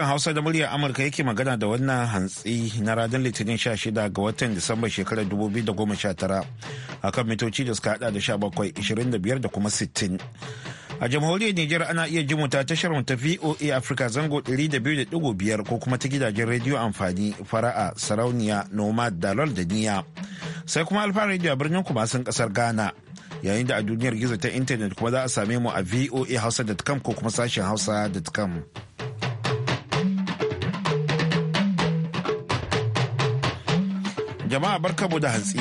Hausa da murya Amurka yake magana da wannan hantsi na ranar Litinin 16 ga watan Disamba shekarar da goma sha 2019 akan mitoci da suka haɗa da sha bakwai 25 da kuma 60. A jamhuriyar Nijar ana iya jin ta tashar ta VOA Africa zango da ɗigo biyar ko kuma ta gidajen rediyo amfani fara'a sarauniya nomad dalol da niya. Sai kuma alfa rediyo a birnin kumasin kasar Ghana. Yayin da a duniyar gizo ta intanet kuma za a same mu a voahausa.com ko kuma sashen hausa.com. Jama'a barkamu da hantsi.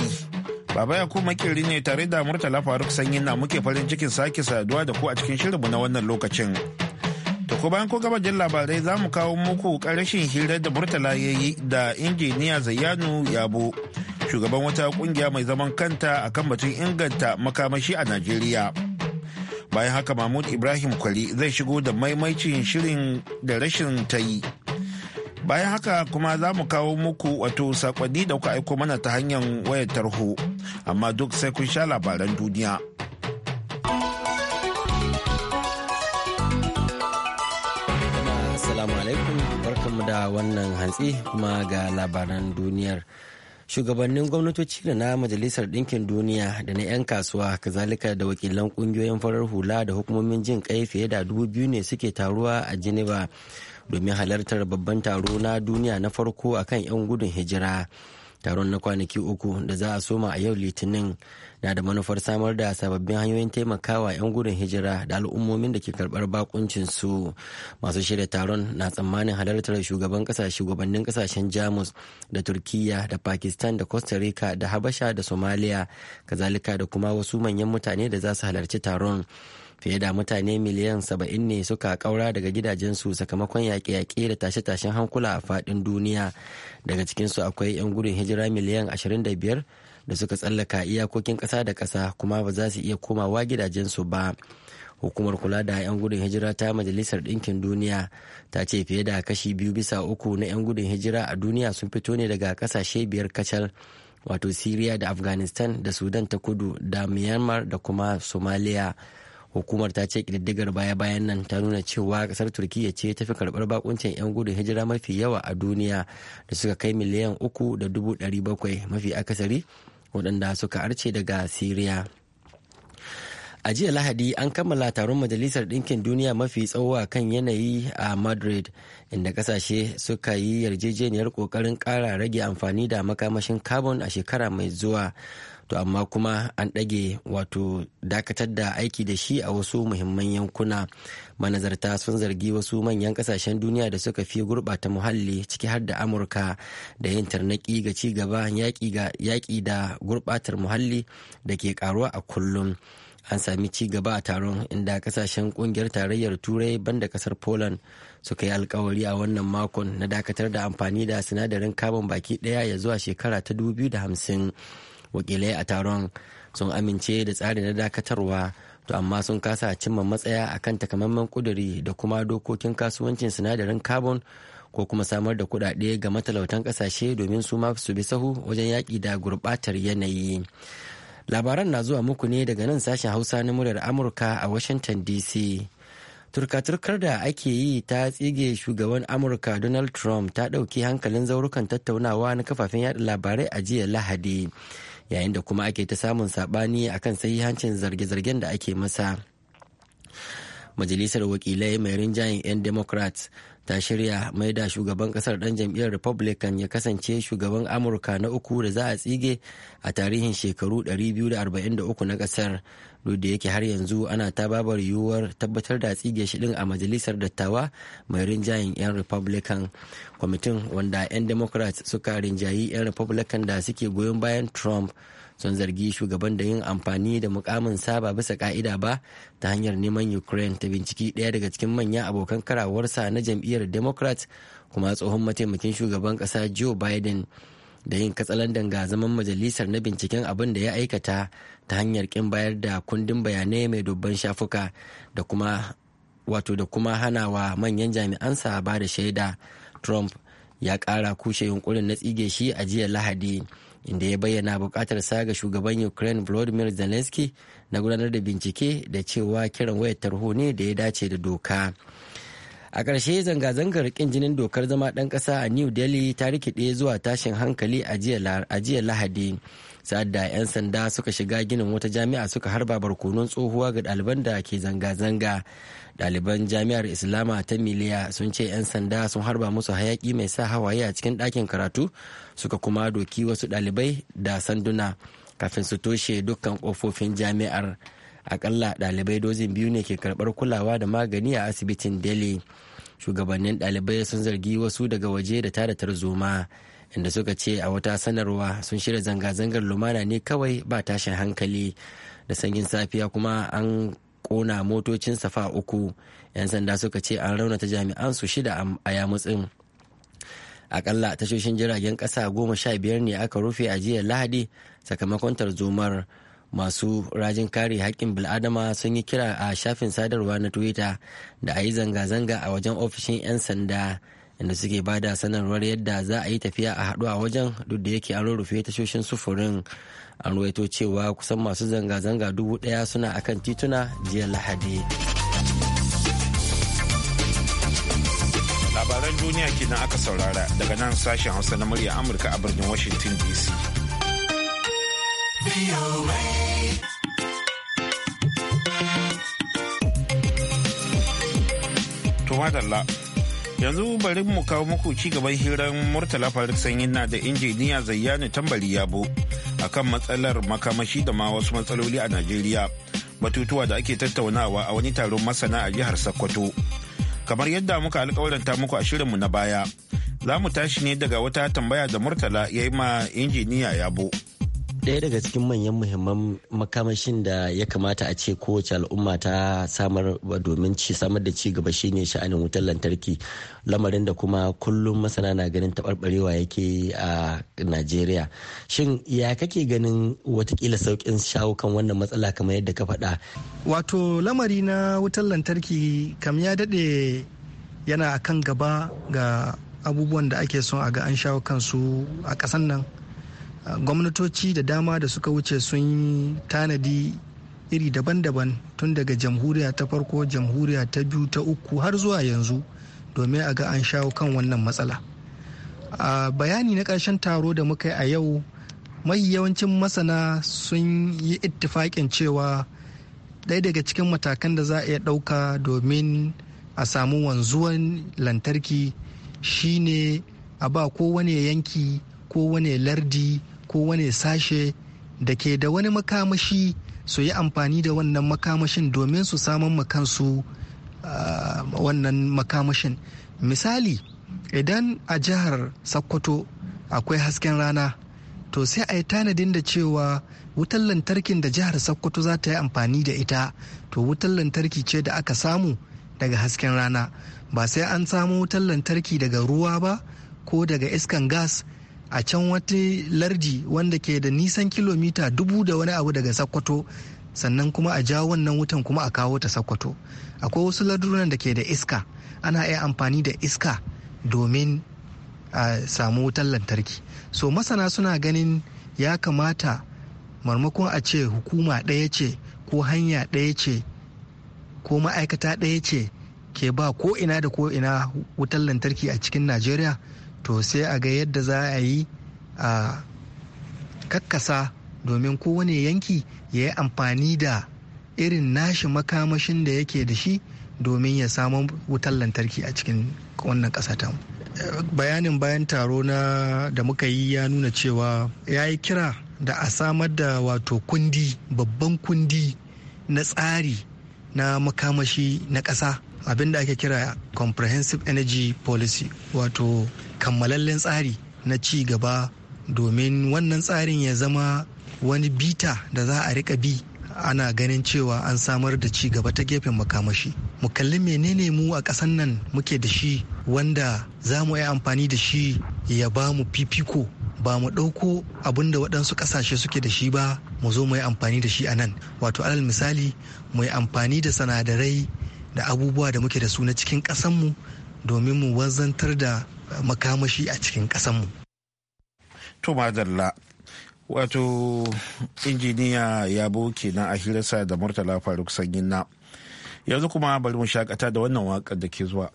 Baba Yakubu makirri ne tare da Murtala Faruk sanyi na muke farin cikin sake saduwa da ku a cikin shirinmu na wannan lokacin. To ko bayan ko gabajin labarai za mu kawo muku karashin hira da Murtala ya yi da injiniya Zayyanu Yabo, shugaban wata kungiya mai zaman kanta akan batun inganta makamashi a Najeriya. Bayan haka Mahmud Ibrahim Kwari zai shigo da maimaicin shirin da rashin ta yi. bayan haka kuma za mu kawo muku wato sakonni da kuka aiko mana ta hanyar wayar tarho amma duk sai kun sha labaran duniya assalamu alaikum barkanmu da wannan hantsi kuma ga labaran duniyar shugabannin gwamnatoci da na majalisar ɗinkin duniya da na 'yan kasuwa kazalika da wakilan ƙungiyoyin farar hula da hukumomin jin kai fiye da dubu biyu ne suke taruwa a geneva domin halartar babban taro na duniya na farko a kan 'yan gudun hijira taron na kwanaki uku da za a soma a yau litinin na da manufar samar da sababbin hanyoyin taimakawa 'yan gudun hijira da al'ummomin da ke karbar bakuncinsu masu shirya taron na tsammanin halartar shugaban kasashe shugabannin kasashen jamus da turkiya da pakistan da costa rica da habasha da somalia kazalika da kuma wasu manyan mutane da za su halarci taron fiye da mutane miliyan saba'in ne suka kaura daga gidajensu sakamakon yaƙe-yaƙe da tashe-tashen hankula a faɗin duniya daga su akwai 'yan gudun hijira miliyan 25 da suka tsallaka iyakokin ƙasa da ƙasa kuma ba za su iya komawa gidajensu ba hukumar kula da 'yan gudun hijira ta majalisar ɗinkin duniya ta ce fiye da kashi biyu bisa uku na 'yan gudun hijira a duniya sun fito ne daga ƙasashe biyar kacal wato siriya da afghanistan da sudan ta kudu da myanmar da kuma somalia hukumar ta ce ƙididdigar baya-bayan nan ta nuna cewa ƙasar turkiyya ce ta fi karɓar bakuncin 'yan gudun hijira mafi yawa a duniya da suka kai miliyan uku da dubu ɗari bakwai mafi akasari waɗanda suka arce daga siriya a jiya lahadi an kammala taron majalisar ɗinkin duniya mafi tsawo a kan yanayi a madrid inda ƙasashe suka yi yarjejeniyar ƙoƙarin ƙara rage amfani da makamashin carbon a shekara mai zuwa to amma kuma an ɗage wato dakatar da aiki da shi a wasu muhimman yankuna manazarta sun zargi wasu manyan ƙasashen duniya da suka fi gurɓata muhalli ciki har da amurka da yin tarnaki ga ci gaba yaƙi da gurɓatar muhalli da ke karuwa a kullum an sami ci gaba a taron inda kasashen kungiyar tarayyar turai banda kasar poland suka yi alkawari a wannan makon na dakatar da amfani da sinadarin kamun baki daya ya zuwa shekara ta 2050 wakilai a taron sun amince da tsari na dakatarwa to amma sun kasa cimma matsaya akan takamaiman kuduri da kuma dokokin kasuwancin sinadarin carbon ko kuma samar da kuɗaɗe ga matalautan ƙasashe domin su ma su bi sahu wajen yaƙi da gurɓatar yanayi labaran na zuwa muku ne daga nan sashen hausa na muryar amurka a washington dc turka-turkar da ake yi ta tsige shugaban amurka donald trump ta ɗauki hankalin zaurukan tattaunawa na kafafen yada labarai a jiya lahadi yayin da kuma ake ta samun saɓani akan sahihancin zarge-zargen da ake masa majalisar wakilai mai rinjayen 'yan democrats ta shirya mai da shugaban kasar dan jam'iyyar republican ya kasance shugaban amurka na uku da za a tsige a tarihin shekaru 243 na kasar duk da yake har yanzu ana ta babar yiwuwar tabbatar da tsige shi din a majalisar dattawa mai rinjayen 'yan republican kwamitin wanda 'yan democrats suka rinjayi 'yan republican da suke goyon bayan trump sun zargi shugaban da yin amfani da mukamin saba bisa ka'ida ba ta hanyar neman ukraine ta binciki ɗaya daga cikin manyan abokan karawarsa na jam'iyyar democrats kuma tsohon mataimakin shugaban ƙasa joe biden da yin katsalandan ga zaman majalisar na binciken abin da ya aikata ta hanyar kin bayar da kundin bayanai mai dubban shafuka da kuma wato da kuma hanawa manyan jami'ansa ba da shaida trump ya kara kushe yunkurin na tsige shi a jiya lahadi inda ya bayyana buƙatar sa ga shugaban ukraine volodymyr zelensky na gudanar da bincike da cewa kiran wayar tarho ne da ya dace da doka. a ƙarshe zanga-zangar ƙin jinin dokar zama ɗan ƙasa a new delhi ta rikide zuwa tashin hankali a jiya lahadi sa'ad da 'yan sanda suka shiga ginin wata jami'a suka harba barkonon tsohuwa ga ɗaliban da ke zanga-zanga ɗaliban jami'ar islama ta miliya sun ce 'yan sanda sun harba musu hayaki mai sa hawaye a cikin ɗakin karatu suka kuma doki wasu ɗalibai da sanduna kafin su toshe dukkan ƙofofin jami'ar akalla ɗalibai dozin biyu ne ke karɓar kulawa da magani a asibitin delhi shugabannin ɗalibai sun zargi wasu daga waje da tara tarzoma inda suka ce a wata sanarwa sun shirya zanga-zangar lumana ne kawai ba tashin hankali da sanyin safiya kuma an kona motocin safa uku 'yan sanda suka ce an raunata jami'an su shida a yamutsin akalla tashoshin jiragen ƙasa goma sha biyar ne aka rufe a jiya lahadi sakamakon tarzomar masu rajin kare haƙƙin bil'adama sun yi kira a shafin sadarwa na twitter da a yi zanga-zanga a wajen ofishin 'yan sanda inda suke ba da sanarwar yadda za a yi tafiya a haɗu a wajen duk da yake an rurrufe tashoshin sufurin an ruwaito cewa kusan masu zanga-zanga dubu ɗaya suna akan tituna jiya lahadi labaran duniya kenan aka saurara daga nan sashen hausa na murya amurka a birnin washington dc To madalla. Yanzu bari mu kawo muku ci gaban hirar Murtala Faruk sanyi na da injiniya Zayyani Tambari Yabo akan matsalar makamashi da ma wasu matsaloli a Najeriya. Batutuwa da ake tattaunawa a wani taron masana a jihar Sokoto. Kamar yadda muka alkawaranta muku a shirinmu na baya, za mu tashi ne daga wata tambaya da Murtala ya yi ma injiniya Yabo. ɗaya daga cikin manyan muhimman makamashin da ya kamata a ce kowace al'umma ta samar domin ci samar da ci gaba shine sha'anin wutar lantarki lamarin da kuma kullum masana na ganin taɓarɓarewa yake a najeriya shin ya kake ganin watakila sauƙin shawo kan wannan matsala kamar yadda ka faɗa wato lamari na wutar lantarki kam ya daɗe yana akan gaba ga abubuwan da ake son a ga an shawo kansu a ƙasan nan gwamnatoci da dama da suka wuce sun yi tanadi iri daban-daban tun daga jamhuriya ta farko jamhuriya ta biyu ta uku har zuwa yanzu domin a ga an shawo kan wannan matsala a bayani na ƙarshen taro da muka yi a yau mai yawancin masana sun yi ittifaƙin cewa ɗaya daga cikin matakan da za a iya ɗauka domin a samu wanzuwan lantarki shine a ba kowane yanki kowane lardi kowane sashe da ke da wani makamashi su yi amfani da wannan makamashin domin su samun makansu ah, wannan makamashin misali idan a jihar sakkwato akwai hasken rana to sai a yi tanadin da cewa wutar lantarkin da jihar sakkwato za ta yi amfani da ita to wutar lantarki ce da aka samu daga hasken rana ba sai an samu wutar lantarki daga ruwa ba ko daga iskan gas a can wata lardi wanda ke da nisan kilomita dubu da wani abu daga sakkwato sannan kuma a jawo wannan wutan kuma a kawo ta sakkwato akwai wasu lardunan da ke da iska ana iya amfani da iska domin a samu wutan lantarki so masana suna ganin ya kamata marmakon a ce hukuma ɗaya ce ko hanya ɗaya ce ko ma'aikata ɗaya ce ke ba ko ina da ko ina wutan lantarki a cikin najeriya to sai a ga yadda za a yi a kakkasa domin kowane yanki ya yi amfani da irin nashi makamashin da yake da shi domin ya samu wutar lantarki a cikin wannan ƙasa bayanin bayan taro na da muka yi ya nuna cewa ya yi kira da a samar da wato kundi babban kundi na tsari na makamashi na ƙasa abinda ake kira comprehensive energy policy wato kammalallen tsari na ci gaba domin wannan tsarin ya zama wani bita da za a rika bi ana ganin cewa an samar da ci gaba ta gefen makamashi mu kalli menene mu a ƙasan nan muke da shi wanda za mu yi amfani da shi ya ba mu fifiko ba mu ɗauko abin da waɗansu ƙasashe suke da shi ba mu zo mu yi amfani da shi a nan wato alal misali mu yi amfani da sanadarai da abubuwa da muke da su na cikin ƙasanmu domin mu wazantar da makamashi a cikin ƙasanmu. To madalla wato injiniya yabo kenan a hirarsa da murtala faruk sanyin na yanzu kuma bari mu shakata da wannan waƙar da ke zuwa.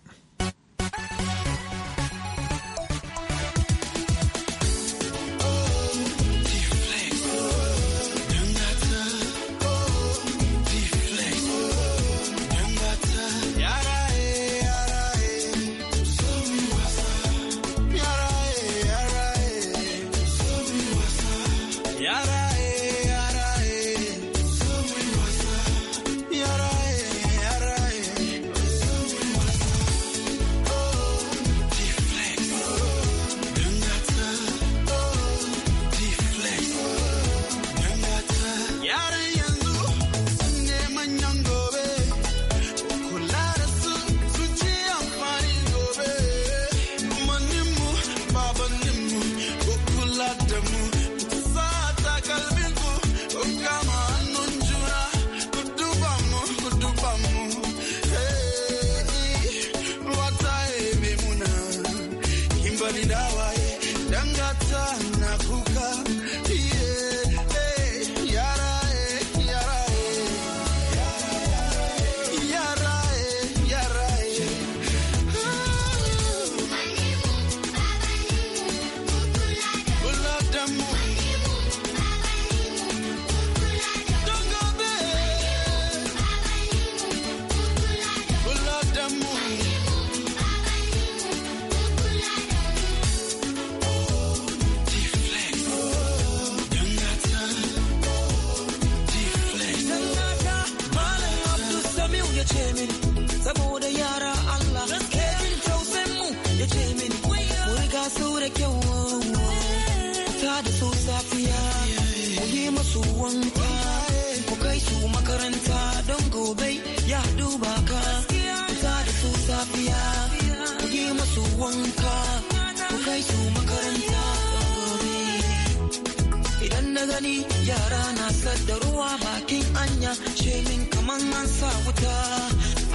yara na sadda ruwa bakin anya shemin kaman an sa wuta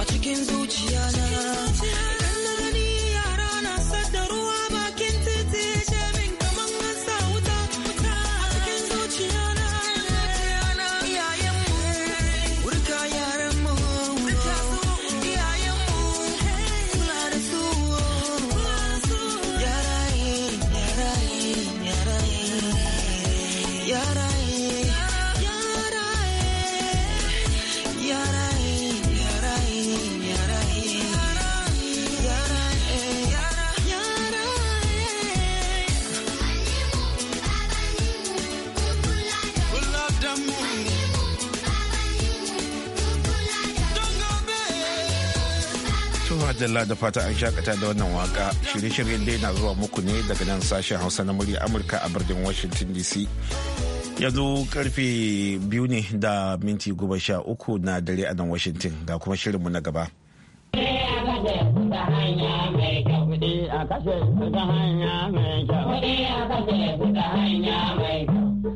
a cikin zuciya na madalla da fata an shakata da wannan waka shirye-shiryen dai na zuwa muku ne daga nan sashen hausa na murya amurka a birnin washington dc yanzu karfe biyu ne da minti goma sha uku na dare a nan washington ga kuma shirinmu na gaba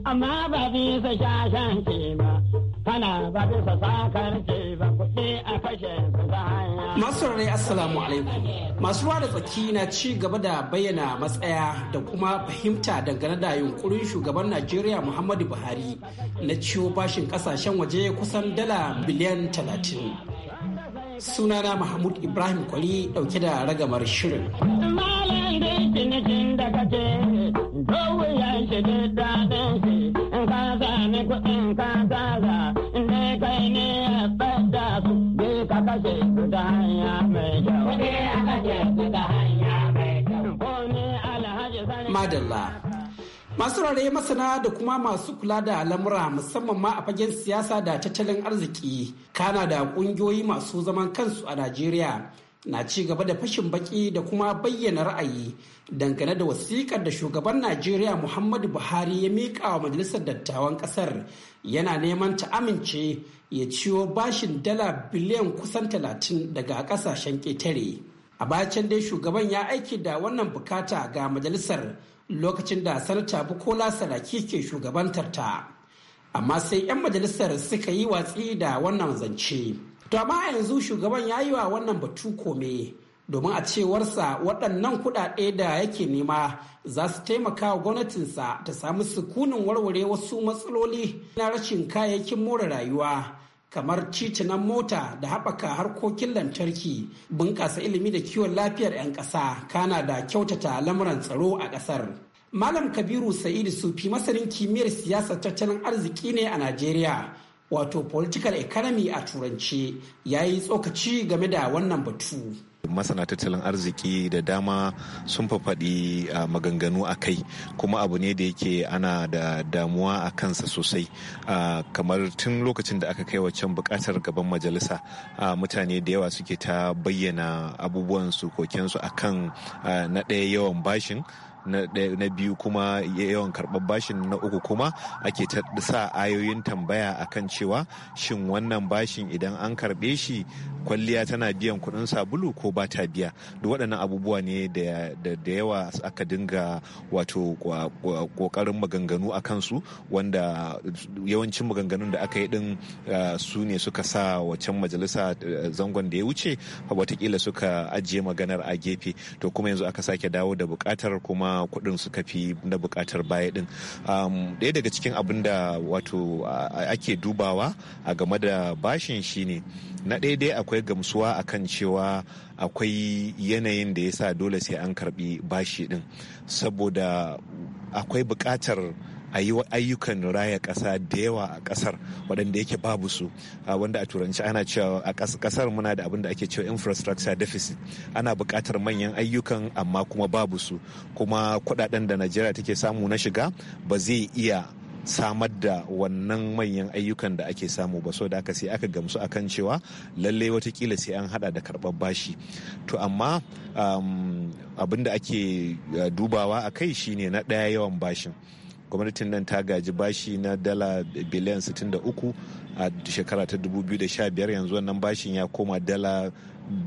amma ba bisa shashen ba Kana ba sakar ce ba a su Masu rarrai Assalamu alaikum. Masu ruwa da tsaki na ci gaba da bayyana matsaya da kuma fahimta dangane da yunkurin shugaban Najeriya Muhammadu Buhari na ciwo bashin kasashen waje kusan dala biliyan talatin. Sunana Mahmud Ibrahim Kwali dauke da ragamar shirin. Malam da ce, kuɗin ka tara inda kai ne ya fada su je ka kashe su ta hanya mai kyau. Kuɗi a kashe su ta hanya mai kyau. Ko ne alhaji sani. Madalla. Masu rarraye masana da kuma masu kula da al'amura musamman ma a fagen siyasa da tattalin arziki kana da ƙungiyoyi masu zaman kansu a Najeriya na ci gaba da fashin baki da kuma bayyana ra'ayi dangane da wasikar da shugaban najeriya muhammadu buhari ya miƙa wa majalisar dattawan ƙasar yana neman ta amince ya ciwo bashin dala biliyan kusan talatin daga ƙasashen ƙetare a bacin dai shugaban ya aiki da wannan bukata ga majalisar lokacin da sanata bukola saraki ke shugabantar ta amma sai 'yan majalisar suka yi watsi da wannan zance. To amma yanzu shugaban ya yi wa wannan batu kome domin a cewarsa waɗannan kuɗaɗe da yake nema za su taimaka wa gwamnatinsa ta samu sukunin warware wasu matsaloli na rashin kayayyakin more rayuwa kamar titunan mota da haɓaka harkokin lantarki bunƙasa ilimi da kiwon lafiyar 'yan ƙasa kana da kyautata lamuran tsaro a ƙasar. Malam Kabiru Sa'idu Sufi masanin kimiyyar siyasar tattalin arziki ne a Najeriya wato political economy a turance ya yi tsokaci game da wannan batu. masana tattalin arziki da dama sun fafaɗi maganganu a kai kuma abu ne da yake ana da damuwa a kansa sosai kamar tun lokacin da aka kai waccan bukatar gaban majalisa mutane da yawa suke ta bayyana abubuwan su kokensu akan na ɗaya yawan bashin na biyu kuma yawan karɓar bashin na uku kuma ake ta sa ayoyin tambaya akan cewa shin wannan bashin idan an karɓe shi kwalliya tana biyan kuɗin sabulu ko ba ta biya da waɗannan abubuwa ne da yawa aka dinga wato ƙoƙarin maganganu a kansu wanda yawancin maganganun da aka yi ɗin su ne suka sa wacan majalisa zangon da ya wuce watakila suka ajiye maganar a gefe to kuma yanzu aka sake dawo da buƙatar kuma kudin kuɗin suka fi na bukatar baya din ɗaya daga cikin abin da wato ake dubawa a game da bashin shine na ɗaya dai akwai gamsuwa akan cewa akwai yanayin da ya sa dole sai an karbi bashi din saboda akwai bukatar a yi ayyukan raya ƙasa da yawa a ƙasar waɗanda yake babu su wanda a turanci ana cewa a ƙasar muna da abin da ake cewa infrastructure deficit ana buƙatar manyan ayyukan amma kuma babu su kuma kuɗaɗen da najeriya take samu na shiga ba zai iya samar da wannan manyan ayyukan da ake samu ba so da aka sai aka gamsu a kan cewa lallai watakila sai an hada da karɓar bashi to amma um, abin da ake uh, dubawa a kai shine na ɗaya yawan bashin gwamnatin nan ta gaji bashi na dala biliyan 63 a shekara ta 2015 yanzu wannan bashin ya koma dala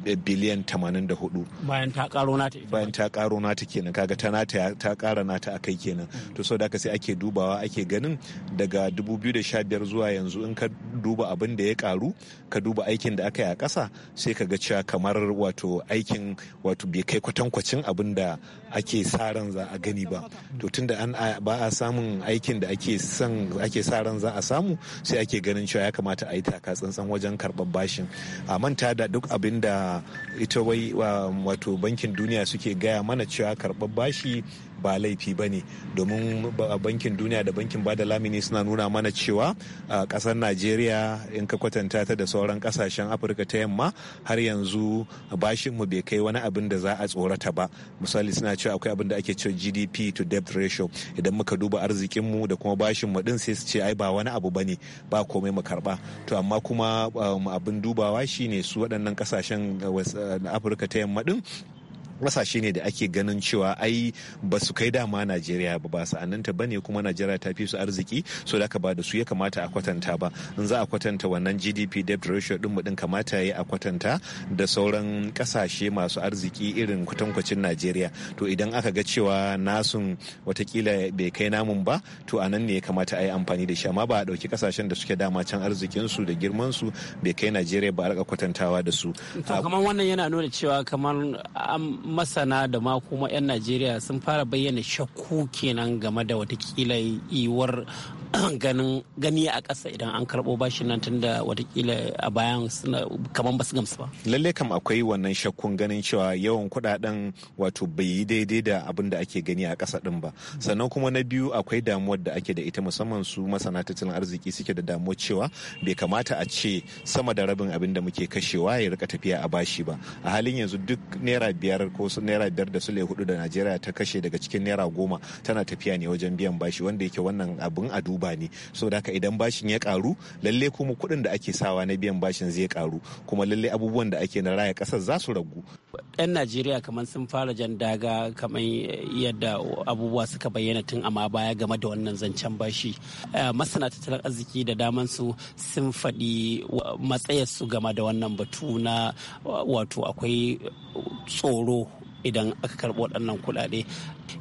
biliyan 84 bayan ta karo nata bayan ta karo nata kenan kaga ta nata ta kara nata akai kenan mm. to so da sai ake dubawa ake ganin daga 2015 zuwa yanzu in ka duba abin da ya karu ka duba aikin da aka yi a kasa sai ka ga cewa kamar wato aikin wato bai kai kwatankwacin abin da ake sa ran za a gani ba to tunda an ba a samun aikin da ake son ake sa ran za a samu sai ake ganin cewa ya kamata a yi taka tsantsan wajen karɓar bashin a manta da duk abin da ita wai um, wato bankin duniya suke gaya mana cewa karɓar bashi ba laifi ba ne domin bankin duniya da bankin bada lamini suna nuna mana cewa a kasar najeriya in ka kwatanta ta da sauran kasashen afirka ta yamma har yanzu bashinmu bai kai wani abin da za a tsorata ba misali suna cewa akwai abin da ake cewa gdp to debt ratio idan muka duba arzikinmu da kuma bashinmu din sai su ce ai ba wani abu ba ne ba komai mu karba to amma kuma um, abin dubawa shine su waɗannan kasashen uh, uh, afirka ta yamma din ƙasashe ne da ake ganin cewa ai ba su kai dama najeriya ba ba sa'annanta ba ne kuma najeriya ta fi su arziki so da ba da su ya kamata a kwatanta ba in za a kwatanta wannan gdp debt ratio din mu din kamata ya a kwatanta da sauran kasashe masu arziki irin kwatankwacin najeriya to idan aka ga cewa nasun watakila bai kai namun ba to a nan ne ya kamata a yi amfani da shi amma ba a ɗauki kasashen da suke dama can arzikin su da girman su bai kai najeriya ba a rika kwatantawa da su. kamar wannan yana nuna cewa kamar um, masana da ma kuma 'yan najeriya sun fara bayyana shakku kenan game da watakila yiwuwar ganin gani a ƙasa idan an karɓo bashin nan tunda watakila a bayan suna kaman basu gamsu ba. Lalle kam akwai wannan shakkun ganin cewa yawan kuɗaɗen wato bai yi daidai da abin da ake gani a ƙasa ɗin ba. Sannan kuma na biyu akwai damuwar da ake da ita musamman su masana tattalin arziki suke da damuwar cewa bai kamata a ce sama da rabin abin da muke kashewa ya rika tafiya a bashi ba. A halin yanzu duk naira biyar ko naira biyar da sule hudu da Najeriya ta kashe daga cikin naira goma tana tafiya ne wajen biyan bashi wanda yake wannan abin adu duba ne da haka idan bashin ya karu lalle kuma kuɗin da ake sawa na biyan bashin zai karu kuma lalle abubuwan da ake na raya ƙasar za su ragu. 'Yan Najeriya kamar sun fara jan daga kamar yadda abubuwa suka bayyana tun amma baya game da wannan zancen bashi. Eh, masana tattalin arziki da daman su sun faɗi matsayarsu game da wannan batu na wato akwai tsoro idan aka karɓi waɗannan kuɗaɗe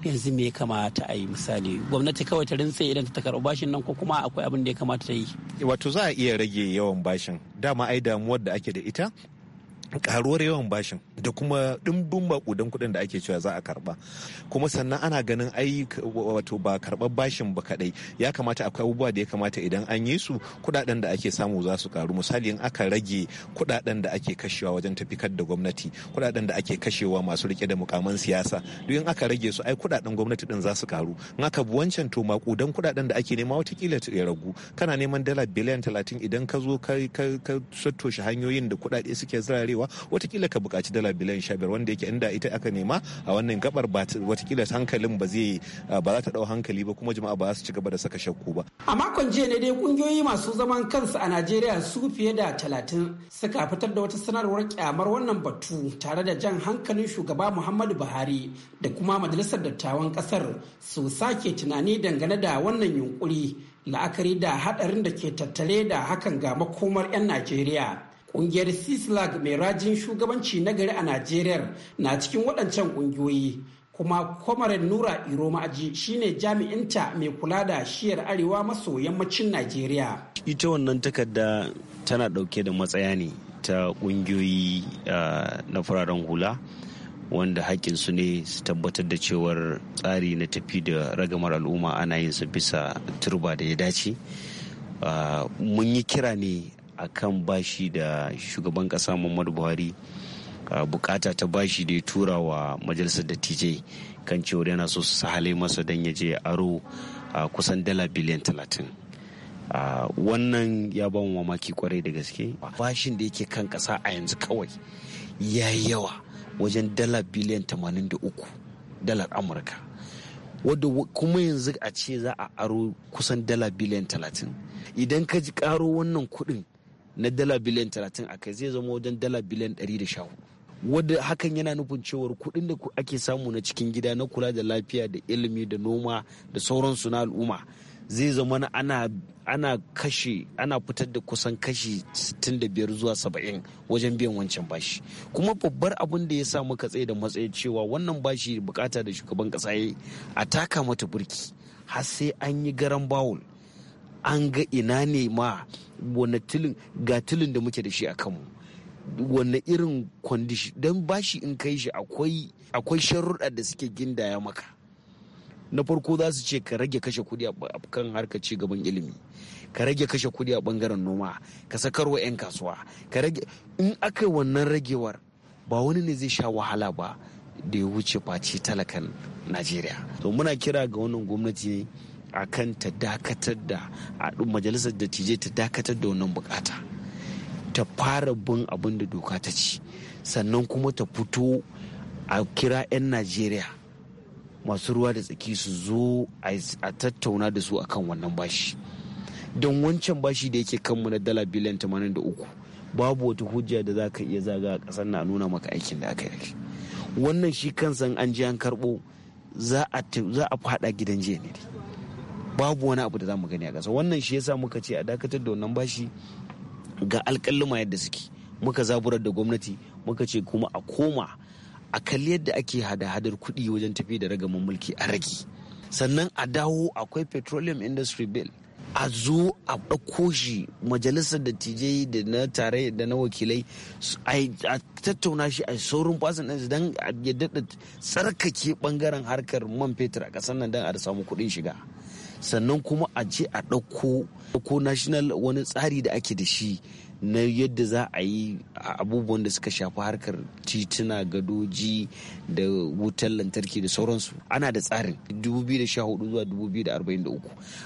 yanzu me ya kamata a yi misali gwamnati kawai ta rintse idan ta karɓi bashin nan ko kuma akwai abin da ya kamata ta yi wato za a iya rage yawan bashin dama ai damuwar da ake da ita karuwar yawan bashin da kuma dimbin makudan kuɗin da ake cewa za a karba kuma sannan ana ganin ai wato ba karɓar bashin ba kadai ya kamata akwai abubuwa da ya kamata idan an yi su kuɗaɗen da ake samu za su karu misali in aka rage kuɗaɗen da ake kashewa wajen tafikar da gwamnati kuɗaɗen da ake kashewa masu rike da mukaman siyasa duk in aka rage su ai kuɗaɗen gwamnati din za su karu in aka bi wancan to makudan kuɗaɗen da ake nema watakila ya ragu kana neman dala biliyan talatin idan ka zo ka sattoshi hanyoyin da kuɗaɗe suke zirarewa ba watakila ka buƙaci dala biliyan sha biyar wanda yake inda ita aka nema a wannan gabar watakila hankalin ba zai ba za ta ɗau hankali ba kuma jama'a ba za su ci gaba da saka shakku ba. A makon jiya ne dai kungiyoyi masu zaman kansu a Najeriya su fiye da talatin suka fitar da wata sanarwar kyamar wannan batu tare da jan hankalin shugaba Muhammadu Buhari da kuma majalisar dattawan kasar su sake tunani dangane da wannan yunkuri la'akari da hadarin da ke tattare da hakan ga makomar 'yan Najeriya. kungiyar sislag mai rajin shugabanci na gari a Najeriya na cikin waɗancan ƙungiyoyi. Kuma kwamarin Nura Iro Ma'aji shine jami'inta mai kula da shiyar arewa maso yammacin Najeriya. Ita wannan takarda tana ɗauke da matsaya ne ta ƙungiyoyi na fararen hula. wanda su ne su tabbatar da cewar tsari na tafi da ragamar al'umma ana yin sa bisa turba da ya dace mun yi kira ne a kan bashi da shugaban kasa muhammadu buhari bukata ta bashi da ya tura wa majalisar dattijai kan cewar yana so su sahale masa don ya je aro kusan dala biliyan talatin wannan ya ba mamaki kwarai da gaske bashin da yake kan kasa a yanzu kawai ya yi yawa wajen dala biliyan 83 dalar amurka wadda kuma yanzu a ce za a aro kusan dala biliyan talatin idan ka ji karo wannan kuɗin. na dala biliyan 30 a kai zai zama wajen dala biliyan 114 wadda hakan yana nufin cewar kuɗin da ake samu na cikin gida na kula da lafiya da ilimi da noma da sauransu na al'umma zai zama ana ana kashe ana fitar da kusan kashi 65 zuwa 70 wajen biyan wancan bashi kuma babbar abin da ya sa muka tsaye da matsayin cewa wannan bashi bukata da shugaban kasa ya a taka mata burki har sai an yi garan bawul an ga ina ne ma wane tilin ga tilin da muke da shi a kanmu wane irin kwandishi don ba shi in kai shi akwai sharuɗa da suke gindaya maka na farko za su ce ka rage kashe kudi a kan harkar ci gaban ilimi ka rage kashe kudi a bangaren noma ka sakarwa 'yan kasuwa ka rage in aka wannan ragewar ba wani ne zai sha wahala ba da ya wuce face talakan najeriya to muna kira ga wannan gwamnati ne kan ta dakatar da a majalisar dattijai ta dakatar da wannan bukata ta fara bin abin da doka ta ci sannan kuma ta fito a kira 'yan najeriya masu ruwa da tsaki su zo a tattauna da su akan wannan bashi don wancan bashi da yake kanmu na dala biliyan 83 babu wata hujja da za ka iya zaga a ƙasar na nuna maka aikin da aka yi wannan shi kan san an ji an karɓo za a fada gidan jiya ne babu wani abu da za mu gani a ƙasa wannan shi yasa muka ce a dakatar da wannan bashi ga alƙalluma yadda suke muka zaburar da gwamnati muka ce kuma a koma a kalli yadda ake hada-hadar kuɗi wajen tafi da ragaman mulki a rage sannan a dawo akwai petroleum industry bill a zo a ɗauko shi majalisar dattijai da na tare da na wakilai a tattauna shi a saurin fasin ɗansu don a daɗa tsarkake ɓangaren harkar man fetur a ƙasar nan don a samu kuɗin shiga sannan kuma a je a ɗauko ko national wani tsari da ake da shi na yadda za a yi abubuwan da suka shafi harkar tituna gadoji da wutar lantarki da sauransu ana da tsarin 2014 zuwa 2043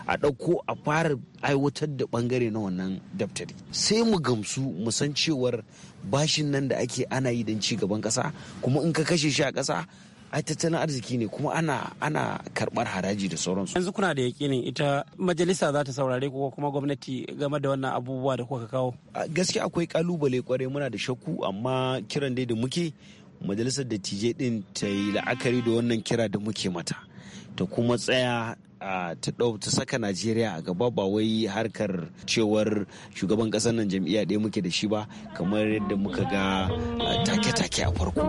a ɗauko a fara aiwatar da ɓangare na wannan daftari sai mu gamsu mu san cewar bashin nan da ake ana yi don ci gaban ƙasa kuma in ka kashe shi a ƙasa ai tattalin arziki ne kuma ana ana karbar haraji da sauransu yanzu kuna da yakinin ita majalisa za ta saurare ko kuma gwamnati game da wannan abubuwa da kuka kawo gaskiya akwai kalubale kwarai muna da shakku amma kiran dai da muke majalisar dattijai din ta yi la'akari da wannan kira da muke mata ta kuma tsaya ta saka najeriya a gaba ba wai harkar cewar shugaban ƙasar nan jam'iyya ɗaya muke da shi ba kamar yadda muka ga take-take a farko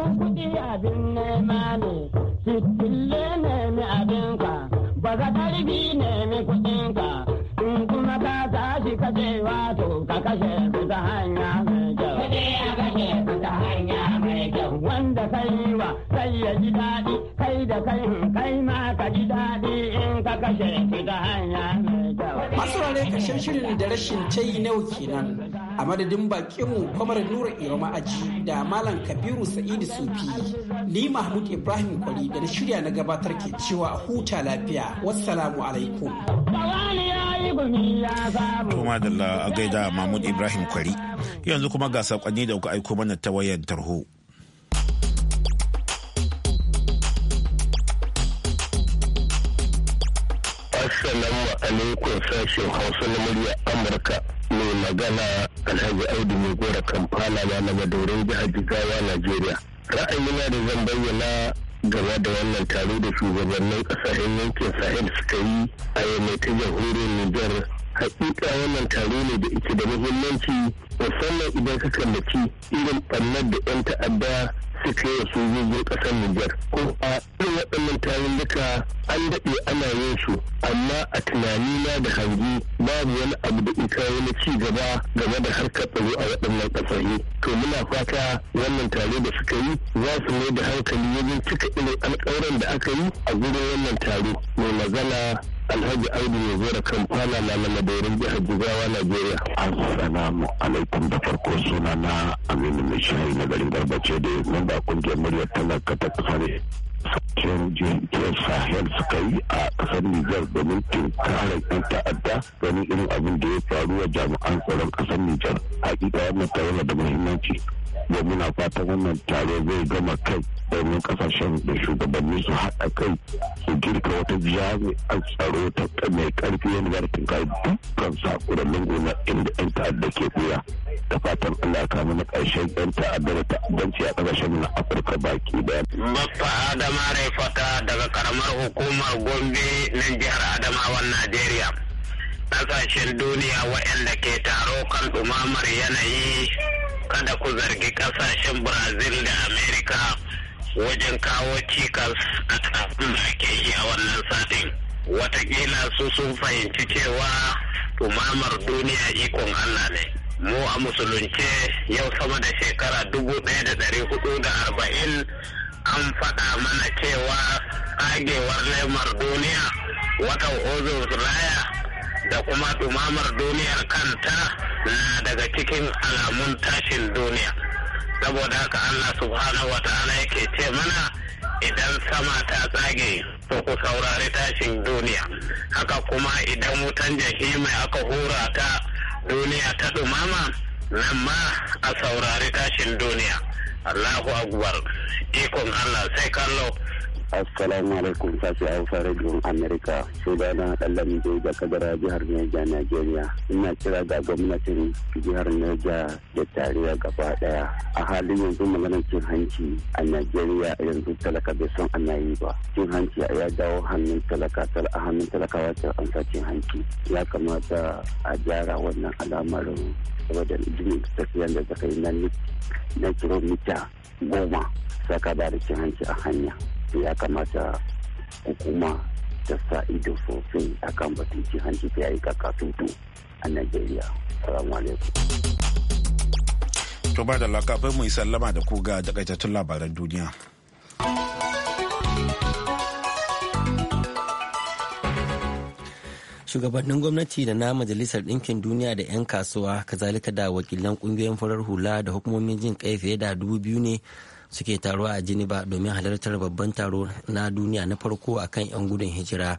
ba za ƙarfi nemi kuɗinka in kuma ka tashi ka ce wato ka kashe ta hanya ya ji daɗi kai da kai kai ma ka ji daɗi in ka kashe ta hanya mai kyau. Masu shirin da rashin tayi nawa kenan a madadin bakinmu kwamar nura iya ma'aji da malam kabiru sa'idu sufi ni mahmud ibrahim kwari da na shirya na gabatar ke cewa huta lafiya wassalamu alaikum kuma da a gaida mahmud ibrahim kwari yanzu kuma ga sakonni da kuka aiko mana ta wayan tarho Assalamu alaikum sashen Hausa na murya Amurka. Mai magana Alhaji Audu mai gora Kampala ba na madaurin jihar Jigawa Najeriya. Ra'ayina da zan bayyana gaba da wannan taro da shugabannin kasashen yankin Sahel suka yi a yamai ta jamhuriyar Nijar. Hakika wannan taro ne da ike da muhimmanci musamman idan ka kallaci irin ɓannar da 'yan ta'adda suka yi sojojin ƙasar Nijar. Ko a irin waɗannan tarurruka an daɗe ana yin su amma a tunani na da hangi babu wani abu da ita wani ci gaba game da harkar tsaro a waɗannan ƙasashe. To muna fata wannan tare da suka yi za su mai da hankali wajen cika irin alƙawuran da aka yi a gurin wannan taro mai magana alhaji audu ya zura kwana na lamadarin jihar jigawa najeriya assalamu alaikum da farko suna na aminu mai shayi na garin garbace da mamba kungiyar muryar talaka ta kasar Sakin jirgin sahel suka yi a kasar nijar domin tun kare yan ta'adda ganin irin abin da ya faru wa jami'an tsaron kasar nijar hakika wannan tare da muhimmanci da muna fatan wannan tare zai gama kai domin kasashen da shugabanni su haɗa kai su girka wata jami'an tsaro ta mai ƙarfi za ta tunka dukkan sakurannin gona inda 'yan ta'adda ke buya da fatan Allah ka mana ƙarshen 'yan ta'adda da ta'addanci a kasashen na Afirka baki daya. Baffa Adama Rai Fata daga karamar hukumar Gombe na jihar Adamawan Najeriya. ƙasashen duniya waɗanda ke taro kan ɗumamar yanayi kada ku zargi ƙasashen brazil da amerika wajen kawo cikas a ƙasar da ke yi a wannan satin watakila su sun fahimci cewa ɗumamar duniya ikon allah ne mu a musulunce yau sama da shekara dubu ɗaya da ɗari hudu da arba'in an faɗa mana cewa agewar laimar duniya watan ozone raya da kuma ɗumamar duniyar kanta na daga cikin alamun tashin duniya saboda haka allah subhanahu wa ta'ala yake ce mana idan sama ta tsage to ku saurari tashin duniya haka kuma idan wutan mai aka hura ta duniya ta ɗumama nan ma a saurari tashin duniya allahu akbar ikon allah sai kallo assalamu alaikum sashi hausa rediyon amerika shugana ɗallami da ga kadara jihar neja nigeria ina kira ga gwamnatin jihar neja da tariya gaba ɗaya a halin yanzu maganar cin hanci a nigeria yanzu talaka bai son ana yi ba cin hanci ya dawo hannun talaka a hannun talakawa ta sa cin hanci ya kamata a gyara wannan al'amarin saboda jini tafiyan da zaka yi na kilomita goma saka da cin hanci a hanya ya kamata hukuma ta sa ido sosai akan batun cin hanci ta yayi kakatutu a Najeriya. Salamu alaikum. To ba da lakafin mu sallama da ku ga takaitattun labaran duniya. shugabannin gwamnati da na majalisar ɗinkin duniya da 'yan kasuwa kazalika da wakilan ƙungiyoyin farar hula da hukumomin jin kai fiye da dubu biyu ne suke taruwa a jiniba domin halartar babban taro na duniya na farko akan 'yan gudun hijira.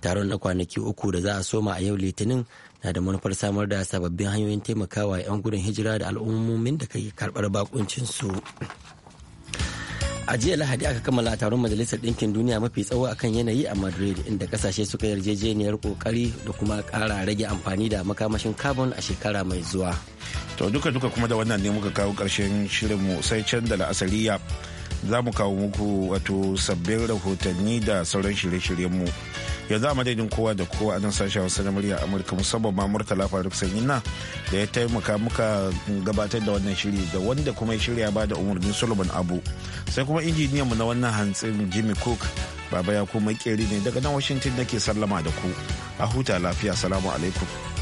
Taron na kwanaki uku da za a soma a yau Litinin na da manufar samar da sababbin hanyoyin taimakawa 'yan gudun hijira da al'ummomin da ke karbar bakuncinsu. a jiya lahadi aka kammala taron majalisar ɗinkin duniya mafi tsawo akan yanayi a madrid inda kasashe suka yarjejeniyar kokari da kuma ƙara rage amfani da makamashin carbon a shekara mai zuwa to duka duka kuma da wannan ne muka kawo ƙarshen shirinmu sai can da la'asariya za mu kawo muku wato sabbin rahotanni da sauran shirye-shiryenmu yanzu a madadin kowa da kowa a nan sashen wasu na murya amurka musamman ma murtala faruk sanyina da ya taimaka muka gabatar da wannan shiri da wanda kuma ya shirya ba da umarnin solomon abu sai kuma injiniyanmu na wannan hantsin jimmy cook baba ya kuma makeri ne daga nan washington da ke sallama da ku a huta lafiya salamu alaikum